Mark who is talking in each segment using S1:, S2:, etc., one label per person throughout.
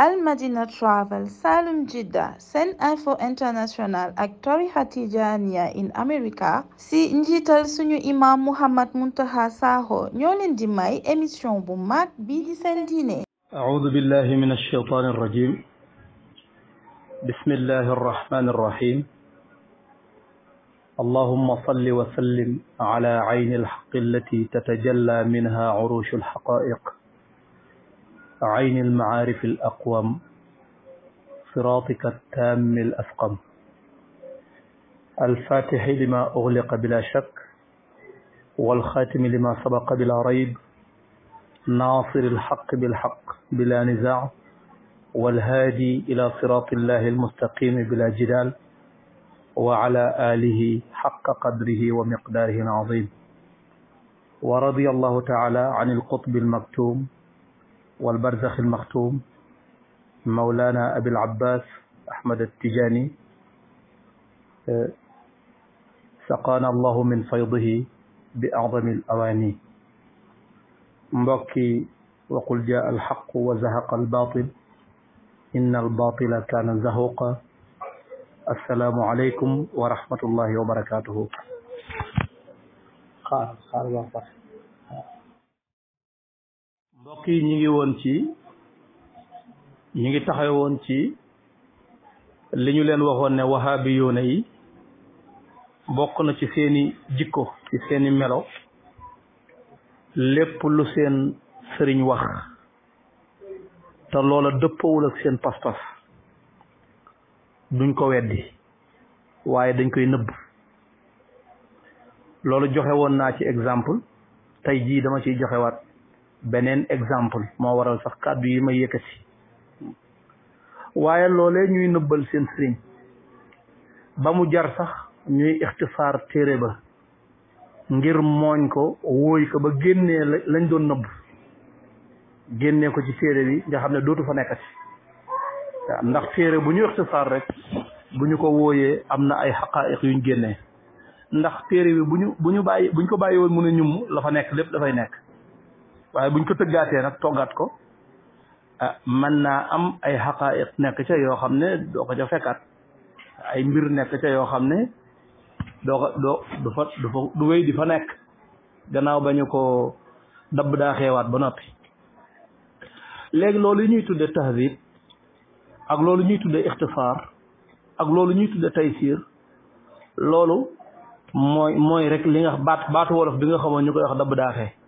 S1: al madina travel salum jidda sen info international ak tarixa tijaniya in america si njiital suñu imam muhammad muntaha sakho ñoo leen di may émission bu mag bii di seen diine audu billahi min alsheitan arrajim bismillahi arrahmani arrahim اللهم صل وسلم على عين الحق التي تتجلى منها عروش الحقائق عين المعارف الأقوم صراطك التام الأفقم الفاتح لما أغلق بلا شك والخاتم لما سبق بلا ريب ناصر الحق بالحق بلا نزاع والهادي إلى صراط الله المستقيم بلا جدال وعلى آله حق قدره ومقداره العظيم ورضي الله تعالى عن القطب المكتوم والبرزخ المختوم مولانا أبي العباس أحمد التجاني سقانا الله من فيضه بأعظم الأواني مبكي وقل جاء الحق وزهق الباطل إن الباطل كان زهوقا السلام عليكم ورحمة الله وبركاته خالد خالد mbokk yi ñi ngi woon ci ñi ngi taxaw woon ci li ñu leen waxoon ne wahaabi yoone yi bokk na ci seeni jikko ci seeni melo lépp lu seen sëriñ wax te loola dëppawul ak seen pas-pas duñ ko weddi waaye dañ koy nëbb loolu joxe woon naa ci exemple tey jii dama ciy joxewaat beneen exemple moo waral sax kàddu yi ma yëkkati waaye loolee ñuy nëbbal seen sëriñ ba mu jar sax ñuy ixtisaar téere ba ngir mooñ ko wóoy ko ba génnee lañ doon nëbb génnee ko ci téere bi nga xam ne dootu fa nekkati ndax téere bu ñu ixtisaar rek bu ñu ko wóoyee am na ay xaqaayiq yuñ génnee ndax téere bi bu ñu bu ñu bàyyi bu ñu ko bàyyi woon mu ne ñum la fa nekk lépp dafay nekk waaye buñ ko tëggaatee nag toggaat ko ah mën naa am ay xaqaayiq nekk ca yoo xam ne doo ko ca fekkaat ay mbir nekk ca yoo xam ne doo ko doo du fa du fa du wéy di fa nekk gannaaw ba ñu ko dabb daaxewaat ba noppi léegi loolu yi ñuy tudde tahdib ak loolu ñuy tudde ixtifaar ak loolu ñuy tudde taysir loolu mooy mooy rek li nga baat baatu wolof bi nga xamoon ñu koy wax dabb daaxee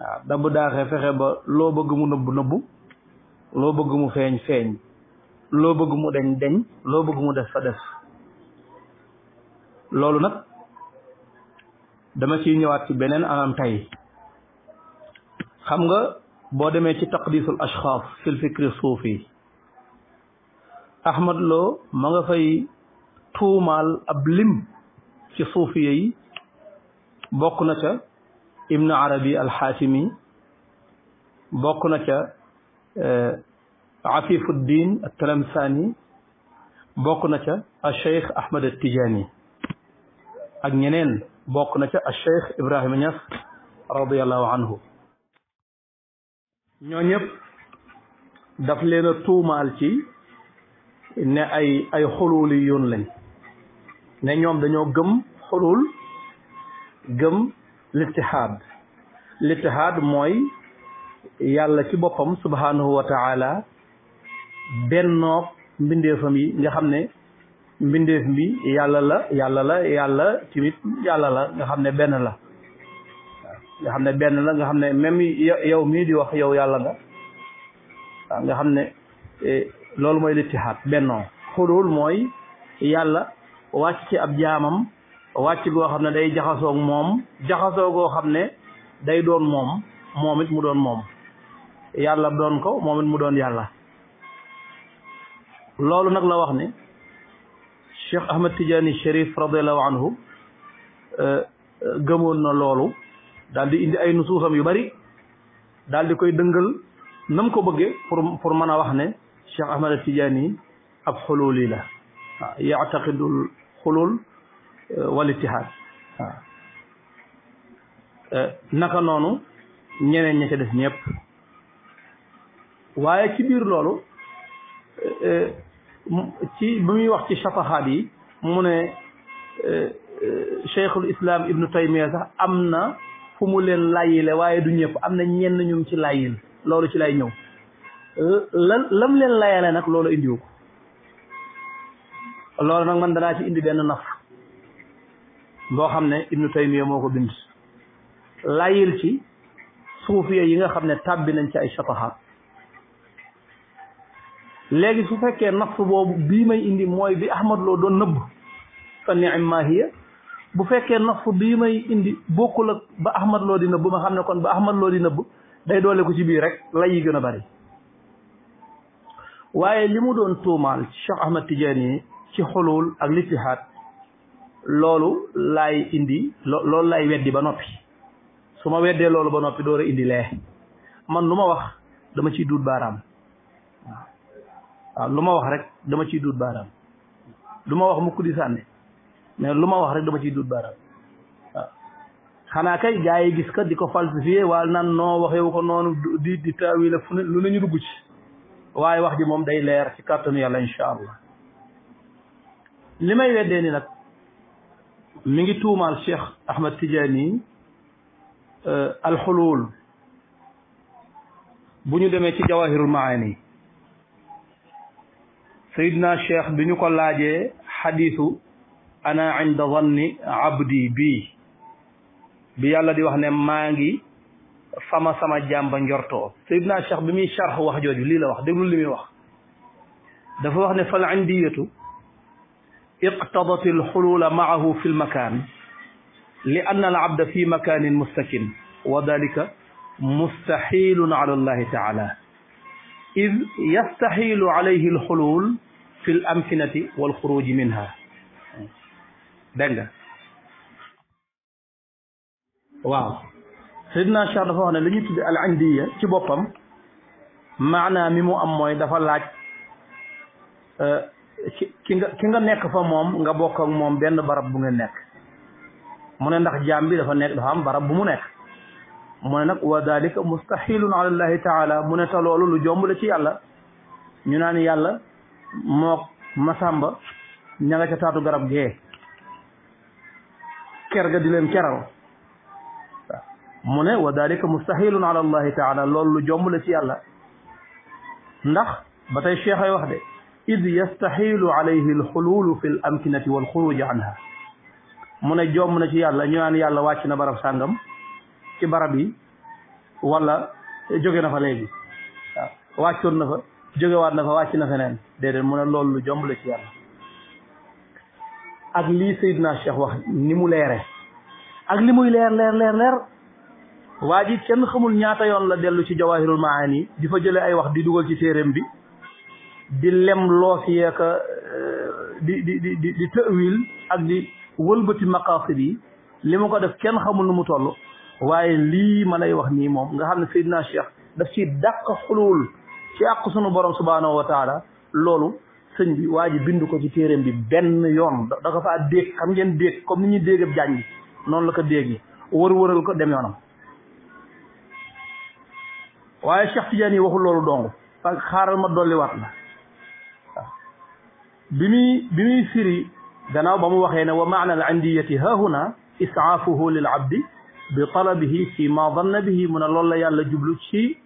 S1: waaw dabb daaxee fexe ba loo bëgg mu nëbb nëbb loo bëgg mu feeñ feeñ loo bëgg mu deñ deñ loo bëgg mu def fa def loolu nag dama ciy ñëwaat ci beneen anam tey xam nga boo demee ci taqdisul ashxaas fil fikri suufi ahmad loo ma nga fay tuumaal ab lim ci suufiya yi bokk na ca ibnu arabi alxaatimi bokk na ca eh, afifuddin atalamsaani bokk na ca a cheikh ahmad attijaani ak ñeneen bokk na ca a cheikh ibrahima ñas radiallahu anhu ñoo ñëpp daf leen a tuumaal ci ne ay ay xuluuli yoon ne ñoom dañoo gëm xulul gëm littihaad littihaad mooy yàlla ci boppam subhanahu wa taala bennoog mbindeefam yi nga xam ne mbindeef mi yàlla la yàlla la yàlla tamit yàlla la nga xam ne benn la nga xam ne benn la nga xam ne même mii di wax yow yàlla nga nga xam ne e, loolu mooy littihaad bennoo xulul mooy yàlla wàcc ci ab jaamam wàcc goo xam ne day jaxasoog moom jaxasoo goo xam ne day doon moom moom mu doon moom yàlla doon ko moom mu doon yàlla loolu nag la wax ne Cheikh Ahmed Tidiane Chérif radiallahu anhu euh, euh, gëmoon na loolu daal di indi ay nusuusam yu bari daal di koy dëngal nam ko bëggee pour pour mën a wax ne Cheikh Ahmed Tidiane ab xulul la waaw xulul Euh, wal ittihaad waaw ah. euh, naka noonu ñeneen ña ca def ñëpp waaye ci biir loolu euh, ci bi muy wax ci safahaat yi mu ne cheikhul islam ibnu taymiya sax am na fu mu leen layyile waaye du ñëpp am na ñenn ñum ci layyil loolu ci lay ñëw la lam leen layale nag loolu indiwu ko loolu nag man danaa ci indi benn naf loo xam ne ibnu taymiya moo ko bind layyil ci suufiya yi nga xam ne tàbbi nañ ci ay shatahaat léegi su fekkee nafs boobu bii may indi mooy bi ahmad loo doon nëbb fa ni'ma hiya bu fekkee nafs bii may indi bokkul ak ba ahmad loo di nëbb ma xam ne kon ba ahmad loo di nëbb day doole ko ci biir rek lay yi gën a bari waaye li mu doon tuumaal Cheikh Ahmad Tidiane yi ci xulul ak litihaad loolu laay indi loolu laay weddi ba noppi su ma weddee loolu ba noppi door a indi lee man lu ma wax dama ciy duut baaraam waaw lu ma wax rek dama ciy duut baaraam lu ma wax mukk di mais lu ma wax rek dama ciy duut baaraam xanaa kay gaa yi gis ka di ko falsifié wala nan noo waxewu ko noonu di di taawi la fu ne lu nañu dugg ci waaye wax ji moom day leer ci kàttanu yàlla incha allah li may weddee ni nag mi ngi tuumaal Cheikh Ahmed Tidiane euh, alxulul bu ñu demee ci jawahirul maani sayidna cheikh bi ñu ko laaje xadiisu ana inda zanni abdi bii bi yàlla di wax ne maa ngi sama sama jàmba njortoo sayidna cheikh bi muy charx wax jooju lii la wax déglu li muy wax dafa wax ne fal indiyatu iqtadat alxulula maahu fi lmakaan li anna alabda fi makanin mustakin wa dalika mustahilun ala allahi taala id yastahilu alayhi alxulul fi lamkinati walxuruji minha dégg nga waaw Seydina Cheikh dafa wax ne li ñu tudd al indiya ci boppam maanaa mi mu am mooy dafa laaj ki nga ki nga nekk fa moom nga bokk ak moom benn barab bu nga nekk mu ne ndax jaam bi dafa nekk dafa am barab bu mu nekk mu ne nag wa dalika mustahilun ala llahi mu ne te loolu ci yàlla ñu naan yàlla mook masamba ña nga ker ga di leen keral mu ne wa dalika mustahilun ala allahi loolu lu jomb la ci yàlla ndax ba tey cheikh wax de id yastaxilu alayhi alxuluulu fi l amkinati walxuruj anha mu ne jomm na ci yàlla ñu naan yàlla wàcc na barab sàngam ci barab yi wala jóge na fa léegi waaw na fa jógewaat na fa wàcc na feneen déedéet mu ne loolu lu jomb la ci yàlla ak lii Seydina Cheikh wax ni mu leere ak li muy leer leer leer leer waa ji kenn xamul ñaata yoon la dellu ci jawahirul maani di fa jële ay wax di dugal ci téeréem bi di lem loofiyeeka euh, di di di di tawil ak di wëlbati maqasid yi li ma ko def kenn xamul nu mu toll waaye lii ma lay wax nii moom nga xam ne Seydina Cheikh daf ci dàq xulul ci àq sunu borom subhanahu wa loolu sëñ bi waa ji bind ko ci téeréem bi benn yoon da ko faa déeg xam ngeen déeg comme ni ñuy déegab jaañ noonu la ko déegi wër wëral ko dem yoonam waaye Cheikh Tidiane yi waxul loolu dong parce que xaaral ma dolliwaat la bi muy bi muy firi gannaaw ba mu waxee ne wa maana al indiyati hahuna isaafuhu lil abdi bi talabihi fi ma danna bihi mu ne loolu la yàlla jublu ci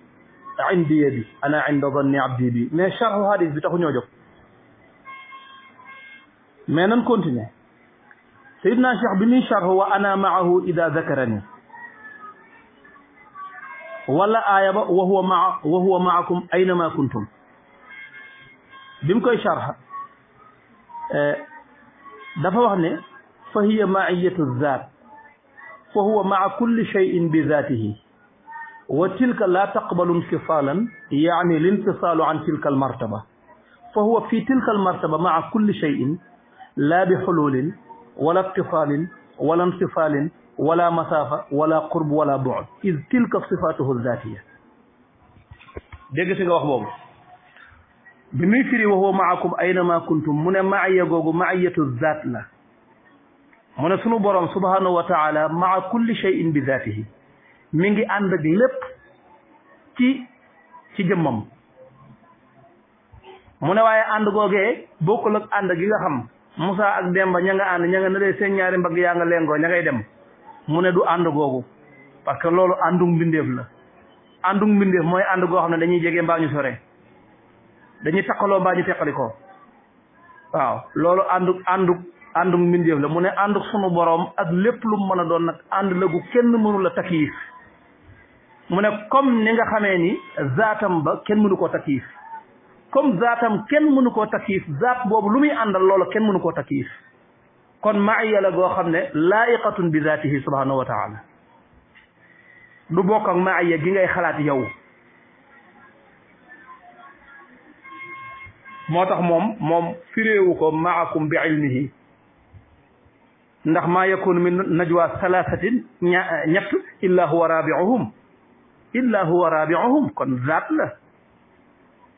S1: indiya bi ana inda danni abdi bi mais charhu hadis bi taxu ñoo jóg mais nan continuer sayidna cheikh bi muy charhu wa ana maahu ida dakarani wala aaya ba wa huwa maa wa huwa maakum aynama kuntum bi mu koy charha Euh, dafa wax ne fa hiya maiyatu zaat fa huwa maa kulli cheyin bi zaatihi wa tilka laa taqbalu imtisalan yaani lintisalu an tilka almartaba fa huwa fi tilka almartaba maa kulli cheyin laa bi xuluulin wala ittifaalin wala intifaalin wala masaafa wala qurb wala bu'd iz tilka sifatuhu zaatiya dégg si nga wax boobu bi muy firi ay huwa maakum aynama kuntum mu ne maaya googu maayatu zaat la mu ne sunu borom subhanahu wa taala maa kulli shay'in bi zaatihi mi ngi ànd ak lépp ci ci jëmmam mu ne waaye ànd googee bokk ak ànd gi nga xam Moussa ak Demba ña nga ànd ña nga ne dee seen ñaari mbagg yaa nga lengoo ña dem mu ne du ànd googu parce que loolu àndug mbindeef la àndug mbindeef mooy ànd goo xam ne dañuy jege mbaa ñu sore dañuy takkaloo mbaa ñu teqalikoo waaw loolu ànduk ànduk ànduk mbindeef la mu ne ànduk sunu boroom ak lépp lu mën a doon nag ànd la gu kenn mënul a takkiif mu ne comme ni nga xamee ni zaatam ba kenn mënu koo takkiif comme zaatam kenn mënu koo takkiif zaat boobu lu muy àndal loolu kenn mënu koo takkiif kon maaya la goo xam ne laayiqatun bi zaatihi subhanahu wa taala du bokk ak maaya gi ngay xalaat yow moo tax moom moom firéewu ko maakum bi ilmihi ndax maa yakunu min najwa salaasatin ña ñett illa huwa raabiuhum illa huwa raabiuhum kon zaat la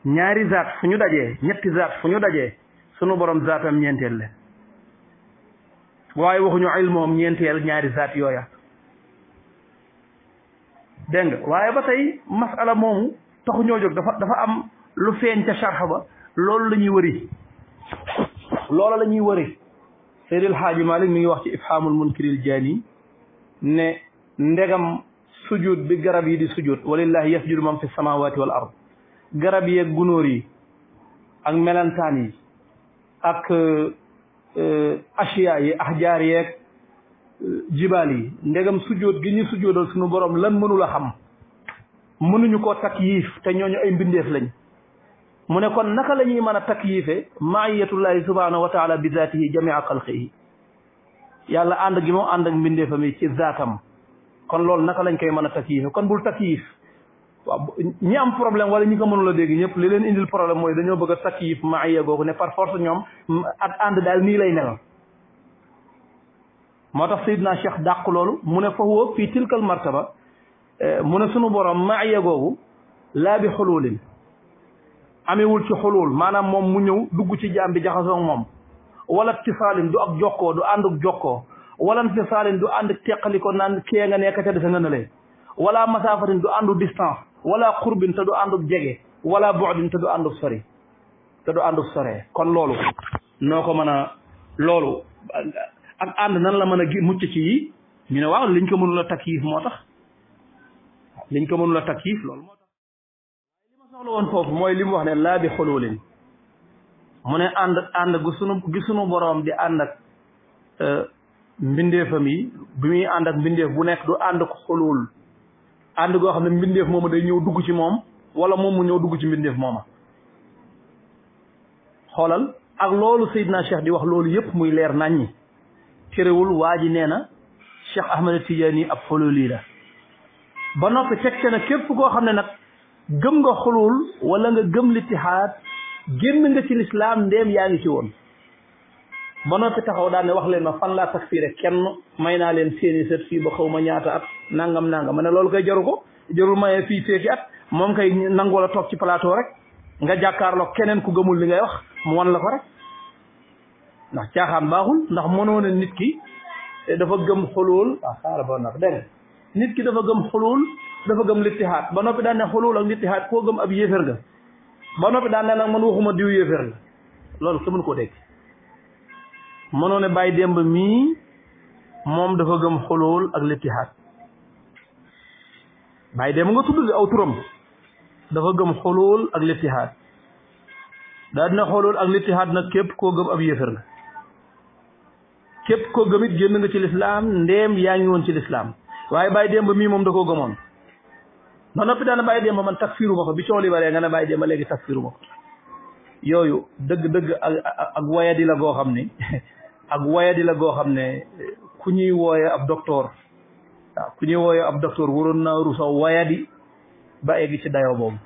S1: ñaari zaat fu ñu dajee ñetti zaat fu ñu dajee sunu borom zaatam ñeenteel la waaye waxuñu ilmoom ñeenteel ñaari zaat yooya dégg nga waaye ba tey masala moomu taxu ñoo jóg dafa dafa am lu feeñ ca sharx ba loolu la ñuy wëri loola la ñuy wëri Seydil Haaji Malik mi ngi wax ci ifhamul munkiril yi ne ndegam sujud bi garab yi di sujud walillahi yasjudu man fi samawati wal ard garab yeeg gunóor yi ak melentaan yi ak e, asiya yi ahjaar yeeg jibaal yi ndegam sujud gi ñu sujudal suñu borom lan mënula xam mënuñu ko takk yiif te ñooñu ay mbindeef lañ mu ne kon naka la ñuy mën a takyife maayatullahi subhanahu wa taala bi zaatihi jamia xalqihi yàlla ànd gi moo ànd ak mbindeefam yi ci zaatam kon loolu naka lañ koy mën a takyife kon bul takyif waaw ñi am problème wala ñi ko mënul dégg ñëpp li leen indil problème mooy dañoo bëgg a takyif maaya googu ne par force ñoom ak ànd daal nii lay mel moo tax sayidna cheikh dàq loolu mu ne fa huwa fii tilkal martaba eh, mu ne sunu borom maaya googu laa amewul ci xulul maanaam moom mu ñëw dugg ci jaam bi jaxasoo moom wala tisaalin du ak jokkoo du ànduk jokkoo wala tisaalin du ànd teqali ko naan kee nga nekk ca defe nga ne wala masaafatin du àndu distance wala xurbin te du ànduk jege wala boodin te du ànduk sori te du ànduk sore kon loolu noo ko mën a loolu ak ànd nan la mën a mucc ci yi ñu ne waaw liñ ko mënul a takyif moo tax liñ ko mënul a takyif loolu soxla woon foofu mooy li mu wax ne laa bi xululin mu ne ànd ànd gu sunu gi sunu boroom di ànd ak e, mbindeefam yi bi muy ànd ak mbindeef bu nekk du ànd ko xulul ànd goo xam ne mbindeef mooma day ñëw dugg ci moom wala moom mu ñëw dugg ci mbindeef mooma xoolal ak loolu Seydina Cheikh di wax loolu yëpp muy leer naññi terewul waa ji nee na Cheikh Ahmad Tidiane ab xulul yi la ba noppi teg na képp koo xam ne nag gëm nga xulul wala nga gëm littihaad génn nga ci lislaam ndéem yaa ngi ci woon ba noppi taxaw daan ne wax leen ma fan laa takfiire kenn may naa leen seeni sët fii ba xaw ma ñaata at nangam nangam ma ne loolu koy jaru ko jarul maye fii féeki at moom kay nangu la toog ci plateau rek nga jàkkaarloo keneen ku gëmul li ngay wax mu wan la ko rek ndax caaxaan baaxul ndax mënoon nit ki dafa gëm xulul waaw ah, xaaral ba nag dégg nit ki dafa gëm xulul dafa gëm littihaat ba noppi daan ne xulul ak littihaat koo gëm ab yéefér nga ba noppi daan ne nag man waxuma diw yéefér la loolu sa mën koo dégg mënoo ne bàyyi démb mii moom dafa gëm xolool ak littihaat bàyyi démb nga tudd aw turam dafa gëm xulul ak littihaat daa dina xulul ak littihaat nag képp koo gëm ab yéefér nga képp koo gëmit génn nga ci lislaam ndéem yaa ngi woon ci lislaam waaye bàyyi démb mii moom da koo gëmoon ma noppi daana bàyyi démb man takfiru ma ko bi cool li baree nga ne bàyyi démb léegi takfiru ma ko yooyu dëgg-dëgg ak wayadi la goo xam ni ak wayadi la goo xam ne ku ñuy wooye ab docteur waaw ku ñuy wooye ab docteur waroon naa rusoo wayadi ba egg ci dayoo boobu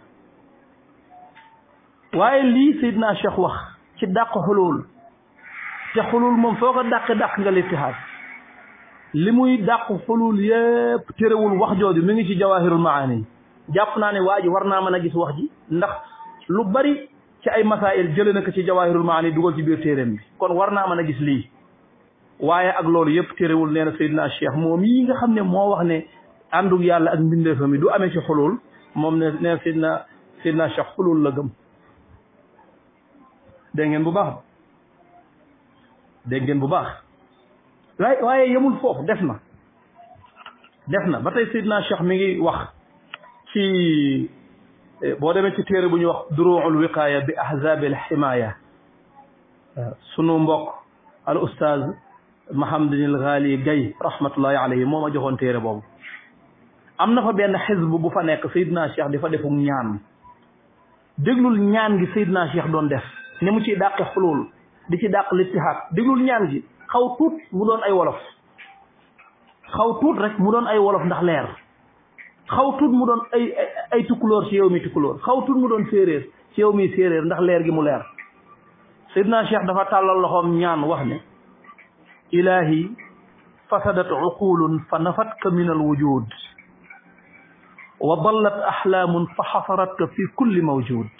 S1: waaye lii naa Cheikh wax ci dàq xulul te xulul moom foo ko dàq dàq nga littihaad li muy dàq xulul yépp terewul wax jooju mu ngi ci jawaahirul maani jàpp naa ne waa ji war naa mën a gis wax ji ndax lu bari ci ay masaayil jëlee na ko ci jawahirul maani dugal ci biir téeréem bi kon war naa mën a gis lii waaye ak loolu yëpp téerewul nee na Seydina Cheikh moom yi nga xam ne moo wax ne àndug yàlla ak mbindeefam yi du amee ci xulul moom ne nee na Seydina Seydina Cheikh xulul la gëm dégg ngeen bu baax dégg ngeen bu baax waaye yemul foofu def na def na ba tey Seydina Cheikh mi ngi wax ci eh, boo demee ci téere bu ñuy wax duruul wiqaaya bi ahzabil himaaya eh, sunu mbokk al ustaaz Mahamdinil Ghali Gay rahmatullahi alayhi moo ma joxoon téere boobu am na fa benn xisb bu fa nekk Seydina Cheikh di fa defum ñaan déglul ñaan gi Seydina Cheikh doon def ni mu ciy dàqe xulul di ci dàq littihaad déglul ñaan gi xaw tuut mu doon ay wolof xaw tuut rek mu doon ay wolof ndax leer xaw tuut mu doon ay ay tukkulóor ci yow mi tukkulóor xaw tuut mu doon séeréer ci yow mi séeréer ndax leer gi mu leer Seydina Cheikh dafa tàllal loxoom ñaan wax ne ilaahi fasadat uqulun fa nafatka min al wujud wa dallat axlaamun fa xasaratka fi kulli mawjud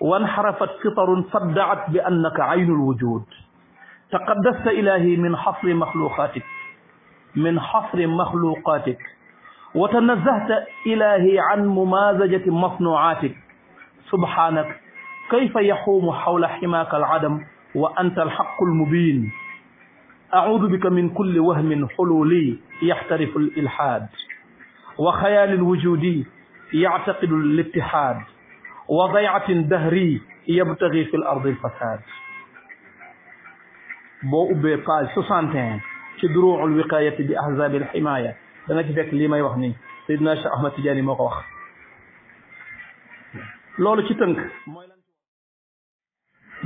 S1: wa anxarafat fitarun faddaat bi annaka aynu lwujud taqaddasta ilaahi min xasri maxluqaatik min xasri maxluqaatik wa tanazahta ilahi an mumazajati masnuatik subhanak kayfa yaxuumu xawla ximaaka aladam wa anta alxaqu almubin audu bika min kulli wahmin xululi yaxtarifu alilhaad wa xayaali alwujudi yactaqidu alittihaad wa daycatin dahri yabtagi fi l ardi alfasaad boo ubbee page 61 ci duruucu alwiqaayati bi ahzaabi alximaaya dana ci fekk lii may wax nii Seydina Cheikh Ahmad Tidiane moo ko wax loolu ci tënk mooy lan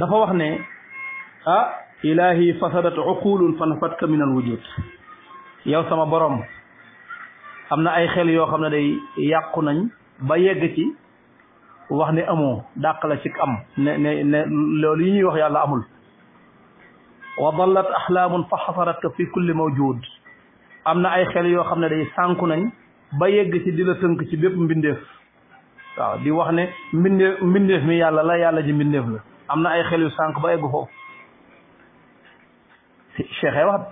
S1: dafa wax ne ah ilahi fasadat uqulun fanafatka min al wujud yow sama boroom xam na ay xel yoo xam ne day yàqu nañ ba yegg ci wax ni amoo dàq la ci am ne ne loolu yi ñuy wax yàlla amul wa dallat axlaamun fa xasaratka fi kulli mawjud am na ay xel yoo xam ne day sànku nañ ba yegg ci di la tënk ci bépp mbindéef waaw di wax ne mbindeef mi yàlla la yàlla ji mbindeef la am na ay xel yu sànk ba egg foofu cheikh ay wax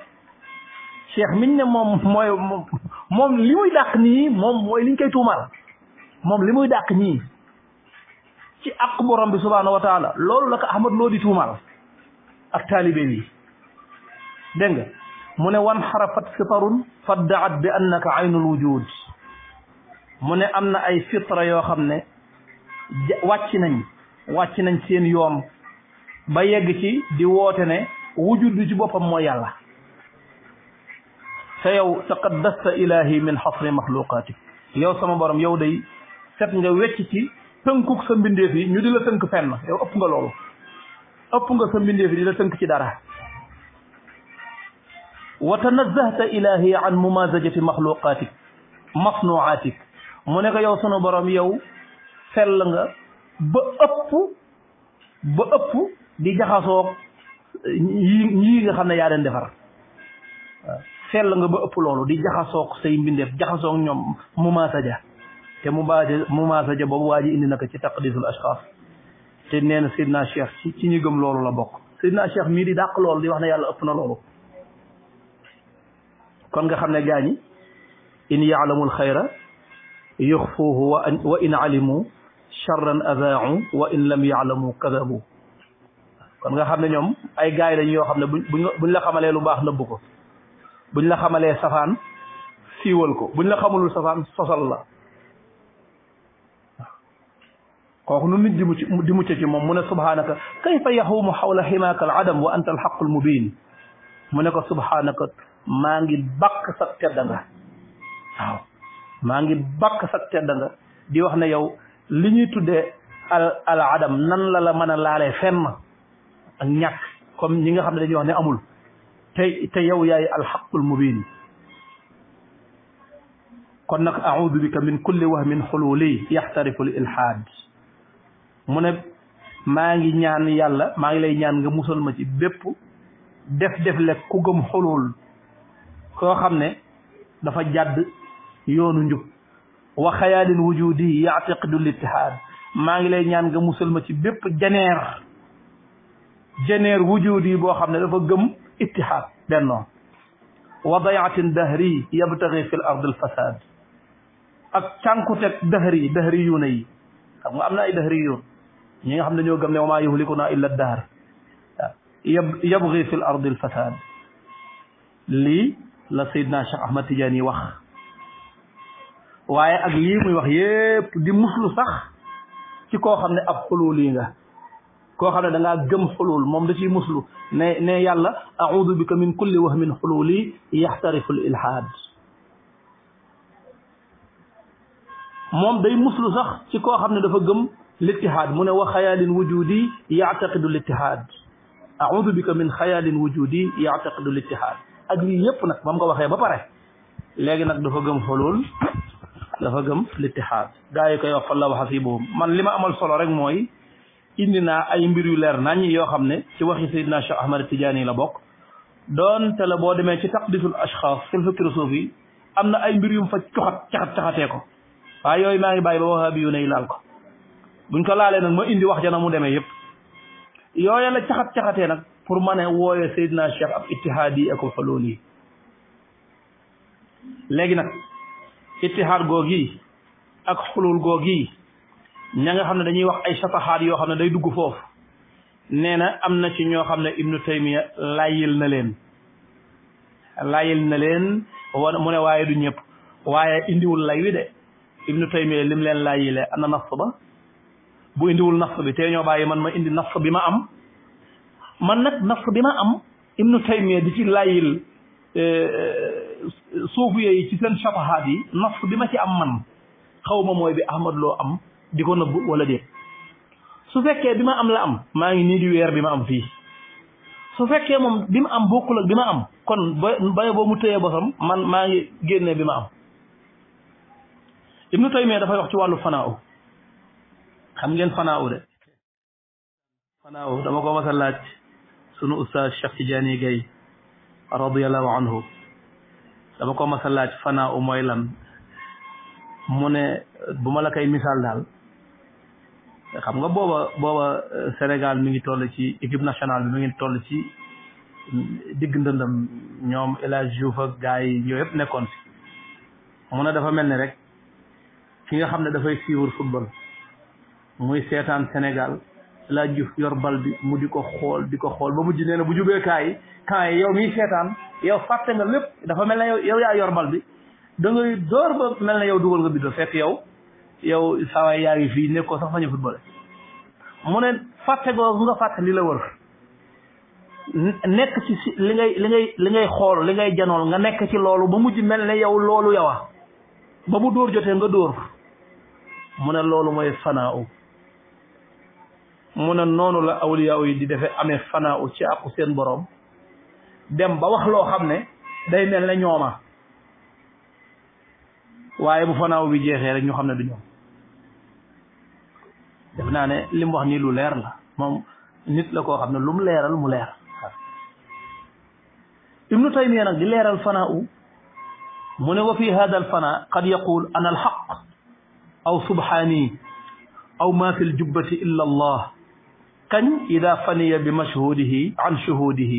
S1: cheikh miñ ne moom mooy moom li muy dàq nii moom mooy liñ koy tuumaal moom li muy dàq ñii ci àq borom bi subhaanahu taala loolu la ko Ahmad loo di tuumaal ak taalibe bi dégg mu ne wan xarafat fitarun faddaat bi annaka aynul wujud mu ne am na ay fitra yoo xam ne wàcc nañ wàcc nañ seen yoon ba yegg ci di woote ne bi ci boppam mooy yàlla te yow taqaddasta ilahi min xasri maxluqatik yow sama boroom yow day set nga wecc ci tënkuk sa mbindeef yi ñu di la tënk fenn yow ëpp nga loolu ëpp nga sa mbindeef yi di la tënk ci dara wa tanazzahta ilahi an mumazajati maxluqatik masnuatik mu ne ko yow sunu borom yow sell nga ba ëpp ba ëpp di jaxasoo yii yii nga xam ne yaa leen defar waaw sell nga ba ëpp loolu di jaxasoog say mbindeef jaxasoog ñoom mumaasaja te mubaaja mumaasaja boobu waa ji indi na ko ci taqdisul ashxaas te nee na Seydina Cheikh ci ci ñu gëm loolu la bokk Seydina Cheikh mii di dàq loolu di wax ne yàlla ëpp na loolu kon nga xam ne gaañi in yaalamul xayra yuxfuuhu wa in alimu charran azaau wa in lam yaalamu kadabu kon nga xam ne ñoom ay gaay lañ yoo xam ne buñ buñ la xamalee lu baax nëbb ko buñ la xamalee safaan siiwal ko buñ la xamalul safaan sosal la kooku nu nit di mucc di mucc ci moom mu ne subhanaka kayfa yahuumu xawla ximaaka al adam wa anta alxaqu almubin mu ne ko subhanaka maa ngi bakk sa tedd maa ngi bakk sa tedd nga di wax na yow li ñuy tuddee al al adam nan la la mën a laalee fenn ak ñàkk comme ñi nga xam ne dañuy wax ne amul te te yow yaay alxaqul mubin kon nag audu bika min kulli wahmin xululi yaxtarifu l mu ne maa ngi ñaan yàlla maa ngi lay ñaan nga musal ma ci bépp def def lekk ku gëm xulul koo xam ne dafa jàdd yoonu njub wa xayaalin wujudi yaatiqidu littihaad maa ngi lay ñaan nga musal ma ci bépp janeer janeer wujudi boo xam ne dafa gëm ittihaad bennoo wa dayaatin dahri yabtagi fi l ard ak cànkuteg dahri dahri yuuna yi xam am na ay dahri yuun ñi nga xam ne ñoo gëm ne wa maa yuhlikuna illa dahr waaw fi l ard la Seydina Cheikh Ahmad Tidiane yi wax waaye ak lii muy wax yépp di muslu sax ci koo xam ne ab xulul yi nga koo xam ne da ngaa gëm xulul moom da ciy muslu ne ne yàlla audu bika min kulli wahmin xululi yaxtarifu l ilhaad moom day muslu sax ci koo xam ne dafa gëm littihaad mu ne wa xayaalin wujudi yactaqidu littihaad audu bika min xayaalin wujudi yactaqidu littihaad ak lii yëpp nag moom mu ko waxee ba pare léegi nag dafa gëm xulul dafa gëm littihaad gaa yi koy wax fa la waxa fii boobu man li ma amal solo rek mooy indi naa ay mbir yu leer nañ yoo xam ne ci waxi Seydina Cheikh Ahmad Tidiane la bokk doonte la boo demee ci taqdisul ashxaas fil fikri suufi am na ay mbir yu mu fa coxat caxat caxatee ko waaye yooyu maa ngi bàyyi ba waxaabi yu laal ko buñ ko laalee nag ma indi wax jana mu demee yëpp yooya la nag pour mën a wooye Seydina Cheikh ab ittihaad yi ak xulul yi léegi nag ittihaad googi ak xulul googi ña nga xam ne dañuy wax ay sataxaat yoo xam ne day dugg foofu nee na am na ci ñoo xam ne ibnu taymiya layyil na leen layil na leen wan mu ne waaye du ñëpp waaye indiwul lay wi de ibnu taymiya lim leen layile ana nafs ba bu indiwul nafs bi te ñoo bàyyi man ma indi nafs bi ma am man nag naf bi ma am ibnu taymiya di ci layil eh, suufu yi ci seen safahaat yi bi ma ci am man xaw mooy bi ahmad am di ko wala déet su fekkee bi am la am maa ngi nii di weer bi ma am fii su fekkee moom bi ma am bokkul ak am kon ba mu tëyee bosam man maa ngi génnee bi ma am ibnu taymiya dafay wax ci wàllu fanaaw xam ngeen fanaaw de fanaaw dama ko mas a laaj sunu ustaas Cheikh Tidiane Gaye radiyallahu anhu dama ko mas a laaj fanaa u mooy lan mu ne bu ma la koy misaal daal xam nga booba booba euh, Sénégal mi ngi toll ci équipe nationale bi mi ngi toll ci digg ndëndam ñoom El Hadj Diouf ak gars yi yooyu nekkoon mu ne dafa mel ni rek ki nga xam ne dafay suivre football muy seetaan Sénégal laa juf yor bal bi mu di ko xool di ko xool ba mujj nee na bu jubee kaa yi kaa yi yow miy seetaan yow fàtte nga lépp dafa mel na yow yow yor bal bi dangay ngay door ba mel ne yow nga biddo fekk yow yow sawaay yaa ngi fii nekkoo sax fañu footballé mu ne fàtte googu nga fàtte li la wër nekk ci si li ngay li ngay li ngay xool li ngay janool nga nekk ci loolu ba mujj mel ne yow loolu yowa ba mu dóor jotee nga dóor mu ne loolu mooy fanaaw mu ne noonu la awliyaaw yi di defee amee fanaaw ci àqu seen boroom dem ba wax loo xam ne day mel ne ñooma waaye bu fanaaw wi jeexee rek ñu xam ne du ñoom def naa ne li mu wax nii lu leer la moom nit la ko xam ne lu mu leeral mu leer ibnu taymiya gi di leeral fanaaw mu ne wa fi hada al fanaa qad yaqul ana al xaq aw subhaani aw ma fi l jubbati illa allah kañ ida faniya bi mashhudihi an shuhudihi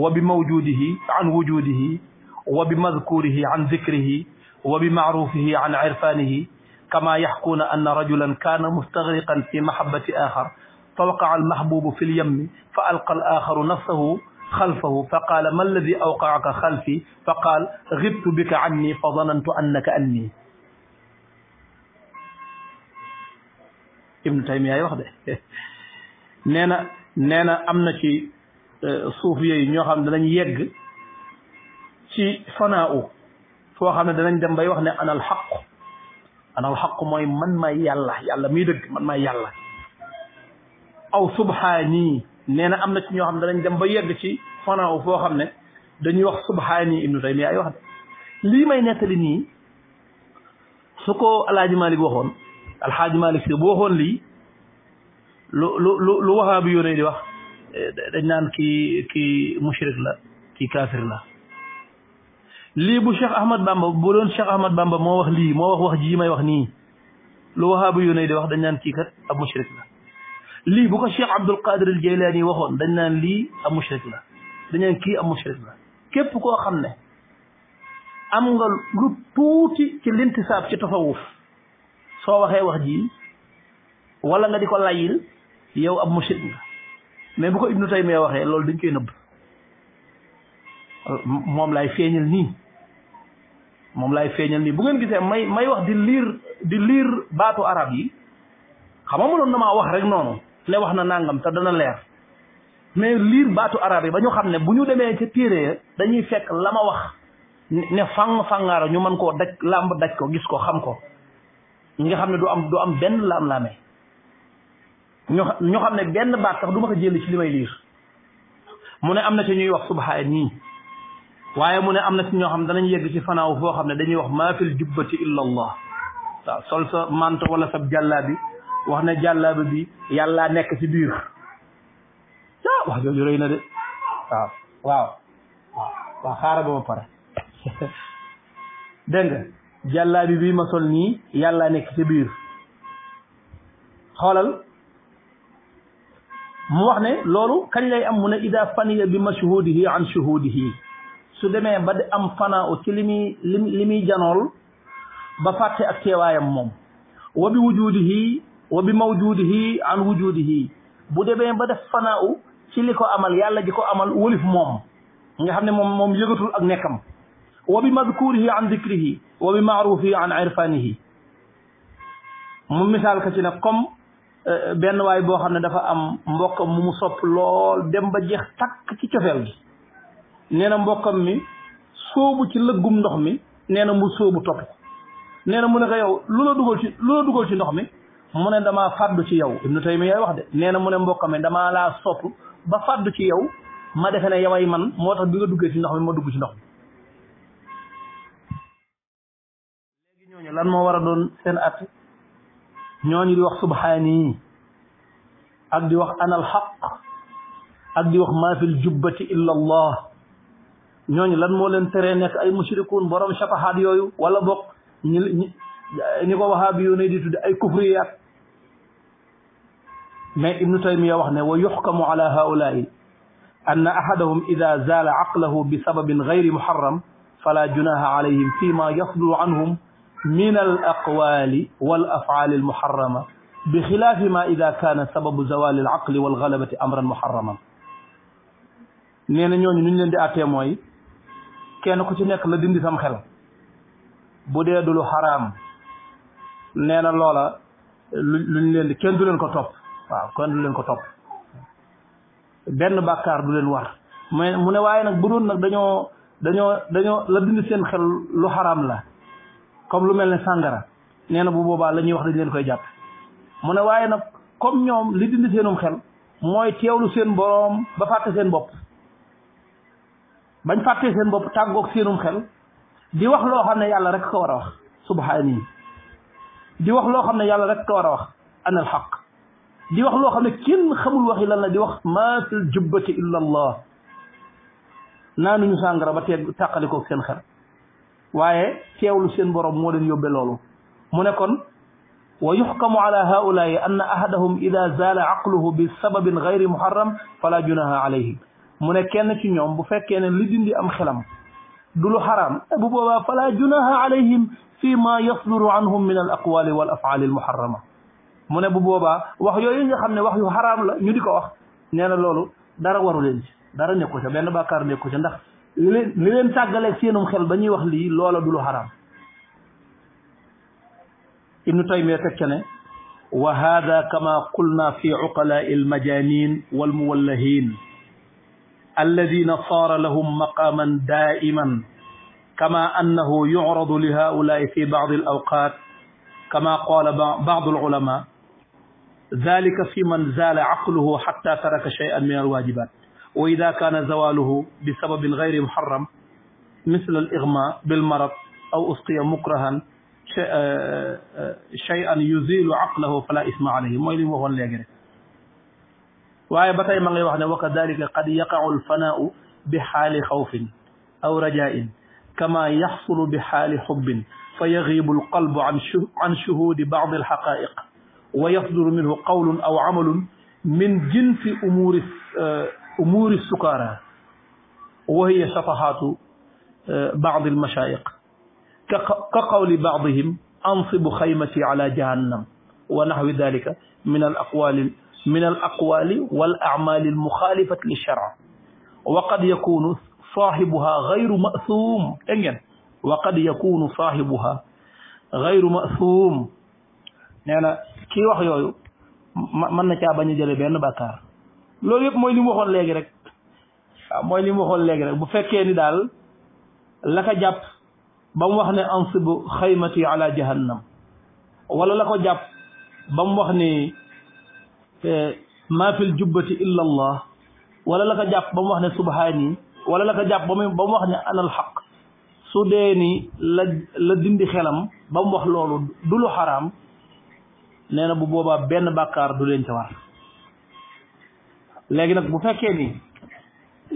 S1: wa bi mawjudihi an wujudihi wa bi madkurihi an dikrihi wa bi maarufihi an irfanihi kama yaxkuuna anna rajulan kaana mustaghriqan fi mahabbati axar fa waqaa almahbubu fi lyammi fa alqa al axaru nafsahu xalfahu fa qaala ma alladi awqaaka xalfi fa qaal xibtu bika anni fa danantu annaka anni ibnu taymiya wax de nee na nee na am na ci e, suuf yooyu ñoo xam ne danañ yegg ci fanaa u foo xam ne danañ dem bay wax ne anal xaqu anal xaqu mooy man maay yàlla yàlla muy dëgg man maay yàlla aw subhaani nee na am na ci ñoo xam ne danañ dem ba yegg ci fanaa u foo xam ne dañuy wax subhaani ibnu taymiya ay wax ne lii may nettali nii su ko alaaji malik waxoon alxaaji malik si bu waxoon lii lu lu lu lu waxaabi yone di wax dañ naan kii kii mushrik la kii kaafir la lii bu Cheikh Ahmad Bamba bu doon Cheikh Ahmad Bamba moo wax lii moo wax wax jii may wax nii lu waxaabi yone di wax dañ naan kii kat ab mushrik la lii bu ko Cheikh Abdul Qadir al waxoon dañ naan lii ab mushrik la dañ naan kii ab mushrik la képp koo xam ne am nga lu tuuti ci lintisaab ci tasawuf soo waxee wax ji wala nga di ko layil yow ab mushrik nga mais bu ko ibnu taymiya waxee loolu dañ koy nëbb moom laay feeñal nii moom laay feeñal nii bu ngeen gisee may may wax di liir di liir baatu arab yi xam nga mënoon na maa wax rek noonu ne wax na nàngam te dana leer mais liir baatu arab yi ba ñu xam ne bu ñu demee ca téere dañuy fekk la ma wax ne fang fangaara ñu mën koo daj làmb daj ko gis ko xam ko ñi nga xam ne du am du am benn laam-laame ñu ñoo xam ne benn baat sax du ma ko jël ci li may liir mu ne am na ci ñuy wax subhaana nii waaye mu ne am na ci ñoo xam danañ yegg ci fanaaw foo xam ne dañuy wax maa fil jubbati illa allah sol sa manto wala sab jàllaabi wax ne jàllaabi bi yàllaa nekk ci biir ah na de waaw waaw waaw waaw xaaral ba ma sol nii yàllaa nekk ci biir xoolal mu wax ne loolu kañ lay am mu ne ida faniya bi mashhudihi an shuhudihi su demee ba di am fanaa ci li muy li muy janool ba fàtte ak teewaayam moom wa bi wujudihi wa bi mawjudihi an wujudihi bu demee ba def fanaa ci li ko amal yàlla ji ko amal wëlif moom nga xam ne moom moom yëgatul ak nekkam wa bi madkurihi an dikrihi wa bi maarufihi an irfanihi mu misaal ka ci nag Euh, benn waay boo xam ne dafa am mbokkam mu mu sopp lool dem ba jeex takk ci cofeel gi nee na mbokkam mi sóobu ci lëggum ndox mi nee na mu soobu topp nee na mu ne ko yow lu la dugal ci lu la dugal ci ndox mi mu ne damaa fàddu ci yow Ibnu Taymiya wax de na mu ne mbokkam mi damaa laa sopp ba fàddu ci yow ma defe ne yow ay man moo tax bi nga duggee ci ndox mi ma dugg ci ndox mi léegi ñooñu lan moo war a doon seen at ñooñu di wax subhaani ak di wax ana alxaq ak di wax maa fil jubbati illa allah ñooñu lan moo leen teree nekk ay mushrikuun borom shafahaat yooyu wala bokk ñi ñi ko wahaabi yoone di tudde ay kufriyaat mais ibnu taymiya wax ne wa yuxkamu ala haulaai anna ahadahum ida zaala aqlahu bi sababin gayri muharram fala junaha alayhim fi ma yasdulu anhum min al aqwali wal afaali al muharrama bi xilaafi ma ida kaana sababu zawali al aqli wal galabati amran muharraman nee na ñooñu nu ñu leen di àttee mooy kenn ku ci nekk la dindi sam xel bu dee du xaraam nee na loola lu ñu leen kenn du leen ko topp waaw kenn du leen ko topp benn bàkkaar du leen war mais mu ne waaye nag bu doon nag dañoo dañoo dañoo la dindi seen xel lu xaraam la comme lu mel ni sàngara nee na bu boobaa la ñuy wax dañ leen koy jàpp mu ne waaye nag comme ñoom li dindi seenum xel mooy teewlu seen boroom ba fàtte seen bopp bañ fàttee seen bopp tàggoog seenum xel di wax loo xam ne yàlla rek ko war a wax subhaani di wax loo xam ne yàlla rek ko war a wax ana alxaq di wax loo xam ne kenn xamul waxi lan la di wax ma fil jubbati illa allah naanuñu sàngara ba teeg tàqalikoog seen xel waaye teewlu seen borom moo leen yóbbe loolu mu ne kon wa yuxkamu ala haulaai anna ahadahum ida zaala aqluhu bi sababin gayri muharram fala junaha alayhi mu ne kenn ci ñoom bu fekkee ne li dindi am xelam du lu xaraam bu boobaa fala junaha alayhim fi ma yasduru anhum min al aqwali wal afaali al muharrama mu ne bu boobaa wax yooyu nga xam ne wax yu xaraam la yu di ko wax nee na loolu dara waru leen ci dara a ca benn bàkkaar nekku ca ndax li leen li leen tàggaleeg seenum xel ba ñuy wax lii loola du lu xaraam ibnu taymiya teg ca ne wa hada kama qulna fi uqalaai almajanin walmuwallahin alladina saara lahum maqaman daiman kama annahu yucradu li haulaai fi bacdi alawqat kama qala bacdu alulama dalika fi man zaala caqluhu xatta taraka shay'an min alwajibat wa ida kaana zawaluhu bi sababin gayri muharram misl al igma bil marad aw usqiya mukrahan eh, eh, shay'an yuzilu aqlahu fala isma alayhi mooy li mu waxoon léegi rek waaye ba tey ma ngay wax ne wa kadalika qad yaqau alfanaau bi xaali xawfin aw rajain kama yaxsulu bi xaali xubbin fa yagibu alqalbu an shuhudi bacdi alxaqaiq wa yasduru minhu qawlun aw camalun min jinsi umuuri eh, umuri sukara wa hiya safahaatu eh, baad almashayiq ka qawli baadihim ansibu xaymati ala jahannam wa naxwi dalika min al aqwali min al aqwali wal acmaali almuxaalifati lilsharc wa qad yakunu saahibuha gayru masuum dégg ngeen wa qad yakunu saahibuha gayru masuum nee na kii wax yooyu mën na caa bañ a jële benn bàkkaar loolu yëpp mooy li mu waxoon léegi rek waaw mooy li waxoon léegi rek bu fekkee ni daal la jàpp ba mu wax ne ansib xaymati ala jahannam wala la ko jàpp ba wax ni eh, ma fil jubbati illa allah wala la jàpp ba mu wax ne subhaani wala la jàpp ba mu wax ne ana alxaq su dee ni la la dindi xelam ba mu wax loolu du lu xaraam nee na bu boobaa benn bàkkaar du leen ca war léegi nag bu fekkee ni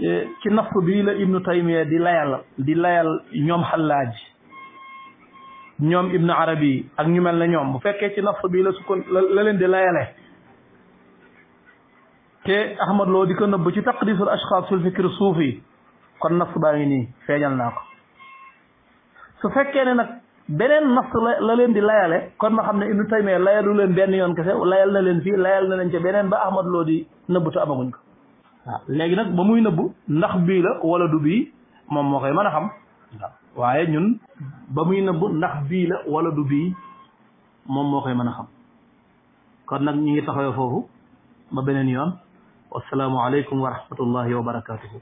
S1: e, ci napp bii la ibnu taymiya di layal di layal ñoom xallaaj ñoom ibnu arabi ak ñu mel ne ñoom bu fekkee ci napp bii la sukkoon leen di layale te ahmad loo di ko nëbb ci taqdisul ashxaas fil fikir suufi kon napp baa ngi nii feeñal naa ko su fekkee ne nag beneen nas la la leen di layale kon ma xam ne Ibnu Taymiya layalu leen benn yoon kese layal na leen fii layal na leen ca beneen ba Ahmad Lo di nëbbu te amaguñ ko waaw léegi nag ba muy nëbbu ndax bii la wala du bii moom moo koy mën a xam waaye ñun ba muy nëbbu ndax bii la wala du bii moom moo koy mën a xam kon nag ñu ngi taxawee foofu ba beneen yoon wasalaamualeykum wa rahmatullahi wa barakatuhu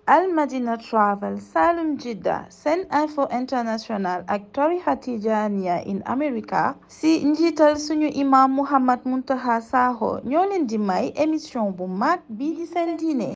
S1: Al Madina Travel Salum Jidda info International ak tarixa Tijaaniya in America si njiital suñu imam Muhammad Muntaqa Sakho ñoo leen di may émission bu mag bi di seen diine